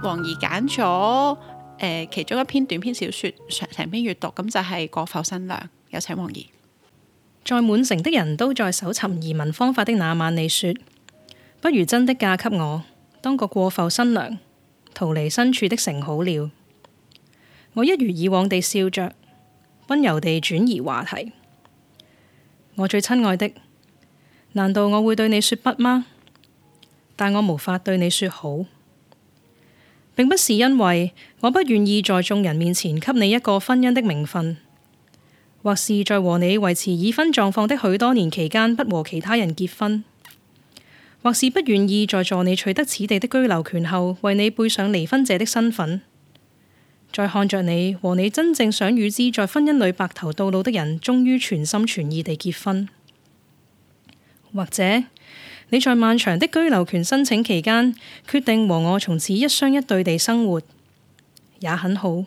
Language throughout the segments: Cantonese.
黃怡揀咗誒其中一篇短篇小說，成篇閱讀，咁就係、是、過埠新娘。有請黃怡。在滿城的人都在搜尋移民方法的那晚，你說不如真的嫁給我，當個過埠新娘，逃離身處的城好了。我一如以往地笑着，温柔地轉移話題。我最親愛的，難道我會對你說不嗎？但我無法對你說好。並不是因為我不願意在眾人面前給你一個婚姻的名分，或是在和你維持已婚狀況的許多年期間不和其他人結婚，或是不願意在助你取得此地的居留權後為你背上離婚者的身份，再看着你和你真正想與之在婚姻裏白頭到老的人終於全心全意地結婚，或者。你在漫長的居留權申請期間，決定和我從此一雙一對地生活，也很好。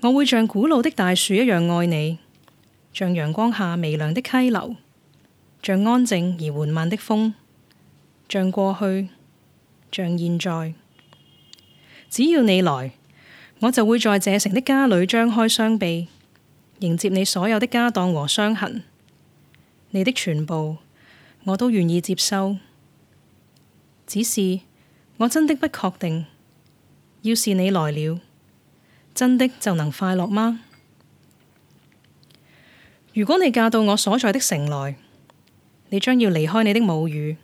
我會像古老的大樹一樣愛你，像陽光下微涼的溪流，像安靜而緩慢的風，像過去，像現在。只要你來，我就會在這城的家裏張開雙臂，迎接你所有的家當和傷痕，你的全部。我都願意接收，只是我真的不確定，要是你來了，真的就能快樂嗎？如果你嫁到我所在的城來，你將要離開你的母語，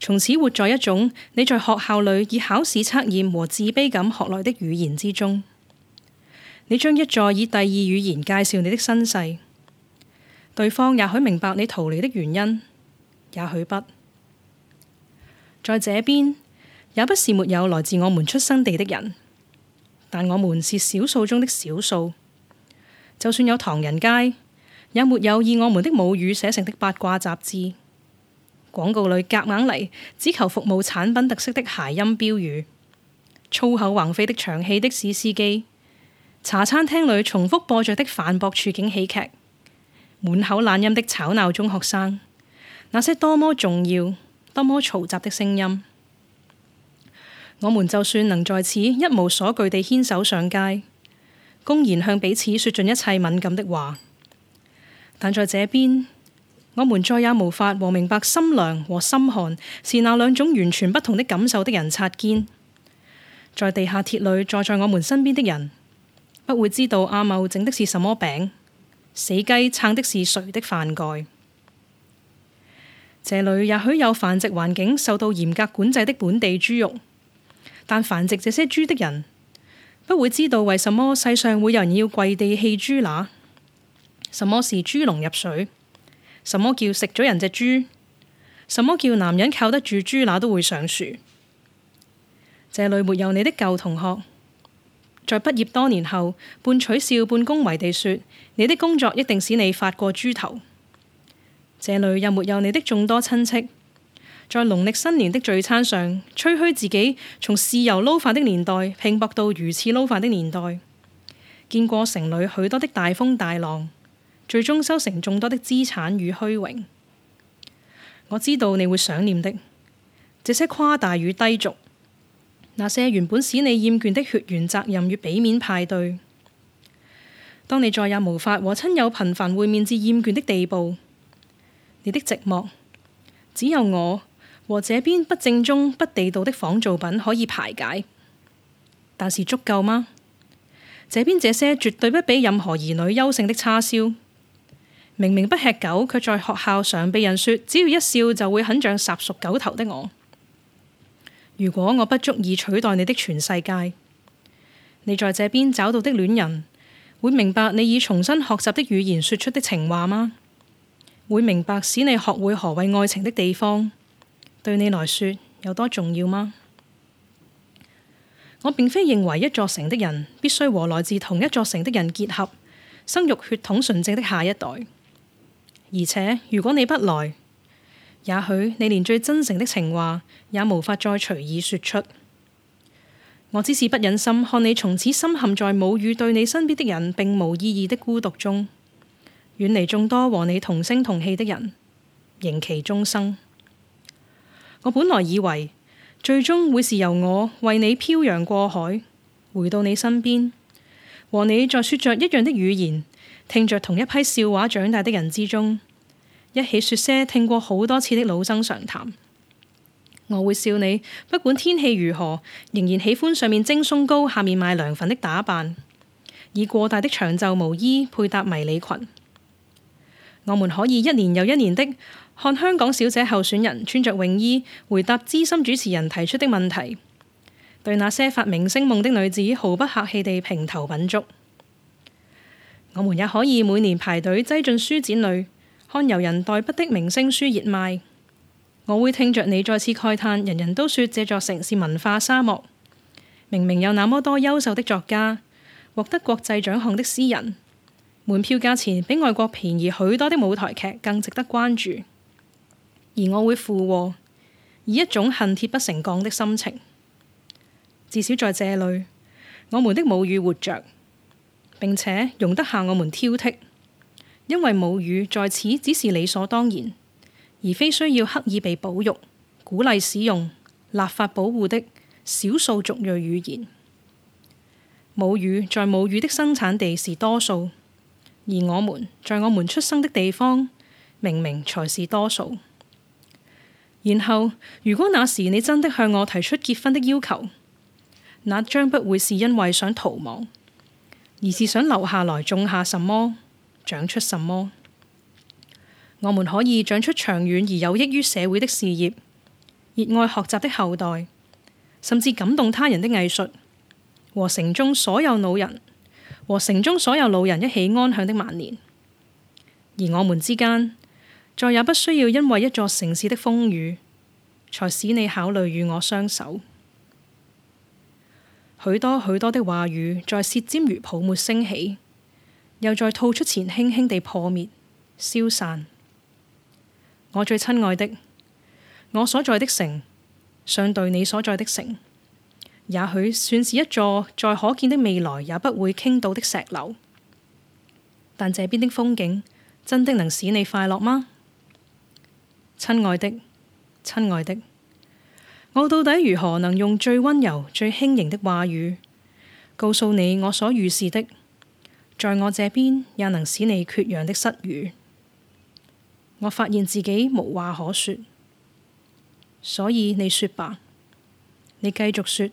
從此活在一種你在學校裏以考試測驗和自卑感學來的語言之中。你將一再以第二語言介紹你的身世，對方也許明白你逃離的原因。也許不，在這邊也不是沒有來自我們出生地的人，但我們是少數中的少數。就算有唐人街，也沒有以我們的母語寫成的八卦雜誌、廣告裡夾硬嚟只求服務產品特色的諧音標語、粗口橫飛的長氣的士司機、茶餐廳裡重複播著的反駁處境喜劇、滿口懶音的吵鬧中學生。那些多麼重要、多麼嘈雜的聲音，我們就算能在此一無所懼地牽手上街，公然向彼此說盡一切敏感的話，但在這邊，我們再也無法和明白心涼和心寒是那兩種完全不同的感受的人擦肩。在地下鐵裏坐在我們身邊的人，不會知道阿茂整的是什麼餅，死雞撐的是誰的飯蓋。這裏也許有繁殖環境受到嚴格管制的本地豬肉，但繁殖這些豬的人不會知道為什麼世上會有人要跪地餵豬乸。什麼是豬籠入水？什麼叫食咗人隻豬？什麼叫男人靠得住豬乸都會上樹？這裏沒有你的舊同學，在畢業多年後半取笑半恭維地說：你的工作一定使你發過豬頭。這裏又沒有你的眾多親戚，在農曆新年的聚餐上，吹噓自己從豉油撈飯的年代拼搏到魚翅撈飯的年代，見過城裏許多的大風大浪，最終收成眾多的資產與虛榮。我知道你會想念的，這些誇大與低俗，那些原本使你厭倦的血緣責任與俾面派對，當你再也無法和親友頻繁會面至厭倦的地步。你的寂寞，只有我和這邊不正宗不地道的仿造品可以排解，但是足夠嗎？這邊這些絕對不比任何兒女優勝的叉燒，明明不吃狗，卻在學校常被人說只要一笑就會很像煮熟狗頭的我。如果我不足以取代你的全世界，你在這邊找到的戀人會明白你以重新學習的語言說出的情話嗎？會明白使你學會何為愛情的地方，對你來說有多重要嗎？我並非認為一座城的人必須和來自同一座城的人結合，生育血統純正的下一代。而且如果你不來，也許你連最真誠的情話也無法再隨意說出。我只是不忍心看你從此深陷在母語對你身邊的人並無意義的孤獨中。遠離眾多和你同聲同氣的人，迎其終生。我本來以為最終會是由我為你漂洋過海回到你身邊，和你在說着一樣的語言，聽着同一批笑話長大的人之中，一起說些聽過好多次的老生常談。我會笑你，不管天氣如何，仍然喜歡上面蒸鬆糕，下面賣涼粉的打扮，以過大的長袖毛衣配搭迷你裙。我們可以一年又一年的看香港小姐候選人穿着泳衣回答資深主持人提出的問題，對那些發明星夢的女子毫不客氣地評頭品足。我們也可以每年排隊擠進書展裏看由人代筆的明星書熱賣。我會聽着你再次慨嘆，人人都說這座城市文化沙漠，明明有那麼多優秀的作家，獲得國際獎項的詩人。門票價錢比外國便宜許多的舞台劇更值得關注，而我會附和，以一種恨鐵不成鋼的心情。至少在這裏，我們的母語活着並且容得下我們挑剔，因為母語在此只是理所當然，而非需要刻意被保育、鼓勵使用、立法保護的少數族裔語言。母語在母語的生產地是多數。而我們在我們出生的地方，明明才是多數。然後，如果那時你真的向我提出結婚的要求，那將不會是因為想逃亡，而是想留下來種下什麼，長出什麼。我們可以長出長遠而有益於社會的事業，熱愛學習的後代，甚至感動他人的藝術，和城中所有老人。和城中所有老人一起安享的晚年，而我們之間再也不需要因為一座城市的風雨，才使你考慮與我相守。許多許多的話語在舌尖如泡沫升起，又在吐出前輕輕地破滅、消散。我最親愛的，我所在的城，相對你所在的城。也許算是一座在可見的未來也不會傾倒的石樓，但這邊的風景真的能使你快樂嗎？親愛的，親愛的，我到底如何能用最温柔、最輕盈的話語，告訴你我所預示的，在我這邊也能使你缺氧的失語？我發現自己無話可說，所以你說吧，你繼續說。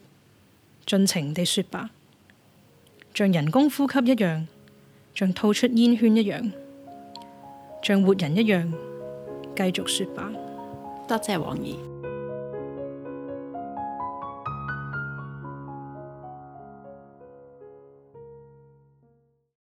盡情地說吧，像人工呼吸一樣，像吐出煙圈一樣，像活人一樣，繼續說吧。多謝黃怡。